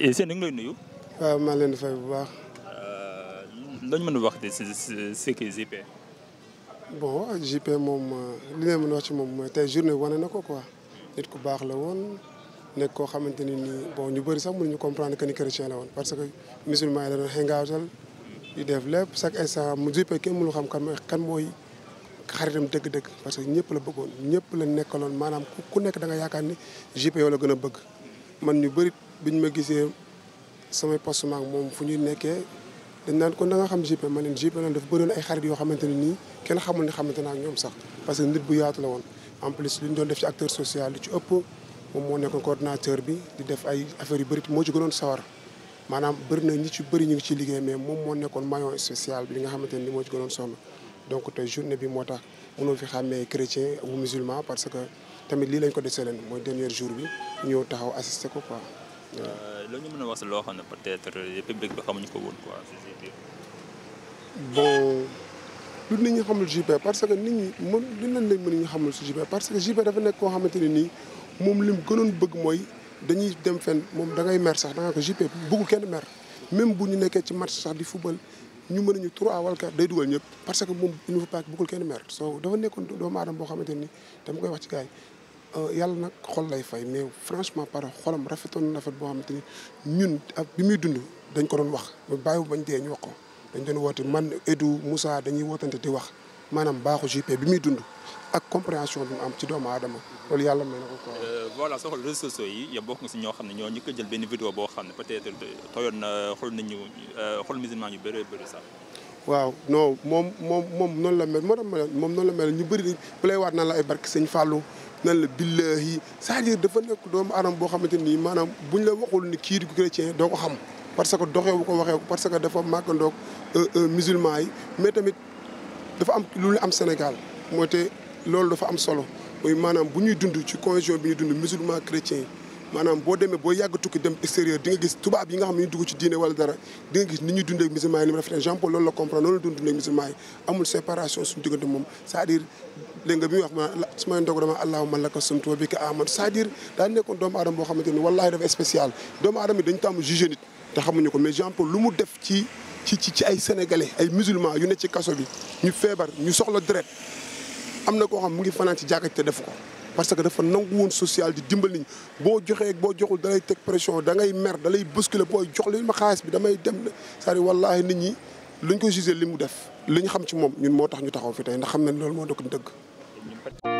Eh, sëñ bi ñu ngi lay nuyu. waaw maa leen di bu baax. Euh, lañ mën a wax de si si kii JP. bon JP moom euh, li nga mën a wax ci moom mooy tey journée wane na ko quoi nit ku baax la woon nekk koo xamante ni nii bon ñu bëri sax ñu comprendre que ni chrétien la woon parce que musulman yi la doon xëngaatal di def lépp chaque instant mu JP kenn mënu xam kan kan mooy xaritam dëgg-dëgg parce que ñëpp la bëggoon ñëpp la nekkaloon maanaam ku nekk da nga yaakaar ni JP yow la gën a bëgg. man ñu bëri ñu ma gisee samay poste ak moom fu ñuy nekkee dañ naan kon da nga xam JP ma leen JP dafa bëri ay xarit yoo xamante ne nii kenn xamul ne xamante naa ak ñoom sax parce que nit bu yaatu la woon. en plus li ñu doon def ci acteur social li ci ëpp moom moo nekkoon coordinateur bi di def ay affaires yu bëri moo ci gënoon sawar maanaam bëri na ñi ci bëri ñu ngi ciy liggéey mais moom moo nekkoon maillon spécial bi li nga xamante ne nii moo ci gënoon sonn. donc te journée bi moo tax mënoo fi xàmmee chrétien ou musulman parce que tamit lii lañ ko desee leen mooy dernier jour bi ñëw taxaw assister ko quoi. Euh, la mën a wax loo xam ne peut-être public bi xamuñu ko woon quoi bon lu nit ñi xamul JP parce que nit ñi moom li leen lañ mën ñu xamul si JP parce que JP dafa nekk koo xamante ne nii moom lim gënoon bëgg mooy dañuy dem fen moom da ngay mer sax da nga ko JP bëggu kenn mer même bu ñu nekkee ci match sax di football ñu mën ñu trois wala quatre day dugal ñëpp parce que moom il ne faut pas que bëggul kenn mer soo dafa nekkoon doomu aadama boo xamante ni dama koy wax ci gars yi euh, yàlla nag xol lay fay mais franchement par xolam rafetoon na rafet boo xamante ni ñun ak bi muy dund dañ ko doon wax bàyyiwu bañ dee ñu wax ko dañ doon woote man Edou musa dañuy wootante di wax maanaam baaxu JP bi muy dund ak compréhension bi mu am ci doomu aadama loolu yàlla may na ko quoi. Euh, voilà soo bokk nga ñoo xam ne ñoo njëkk jël benn vidéo boo xam ne peut-être tooyoon na xool nañu euh, xool musulman yu waaw non moom moom moom noonu la mel moo tax ma ne moom noonu la mel ñu bëri dañ bu lay waat naan la ay barke sëñ Fallou nan la billahi c'est-à-dire dafa nekk doomu aadama boo xamante nii maanaam buñ la waxul ni kii du chrétien doo ko xam parce que doxee bu ko waxee parce que dafa màggandoog euh, musulman yi mais tamit dafa am lu ñu am Sénégal moo te loolu dafa am solo mooy maanaam bu ñuy dund ci cohésion bi ñuy dund musulman chrétien yi maanaam boo demee boo yàgg tukki dem extérieur di nga gis tubaab yi nga xam ne ñu dugg ci diine wala dara di nga gis ni ñuy dundee musulman yi ni mu rafetee Jean Paul loolu la comprendre loolu la doon dundee musulman yi amul bi muy wax ma su ma ndog dama allahumma laka sumtu wa bika amantu c'est-à-dire daa nekkoon doomu aadama boo xamante ko mais Jean Paul lu mu def ci ci ci ay sénégalais ay musulman yu ne ci kaso bi ñu feebar ñu soxla deret am na koo xam mu ngi fanaan ci jàkka te def ko parce que dafa nangu woon social di dimbal nit ñi boo joxee boo joxul dalay teg pression da ngay mer da lay bousculer booy jox li ma xaalis bi damay dem c'est-à-dire wallaahi nit ñi luñ ko jugé li mu def li ñu xam ci moom ñun moo tax ñu taxaw fi tey ndax xam nañ loolu moo dëkk dëgg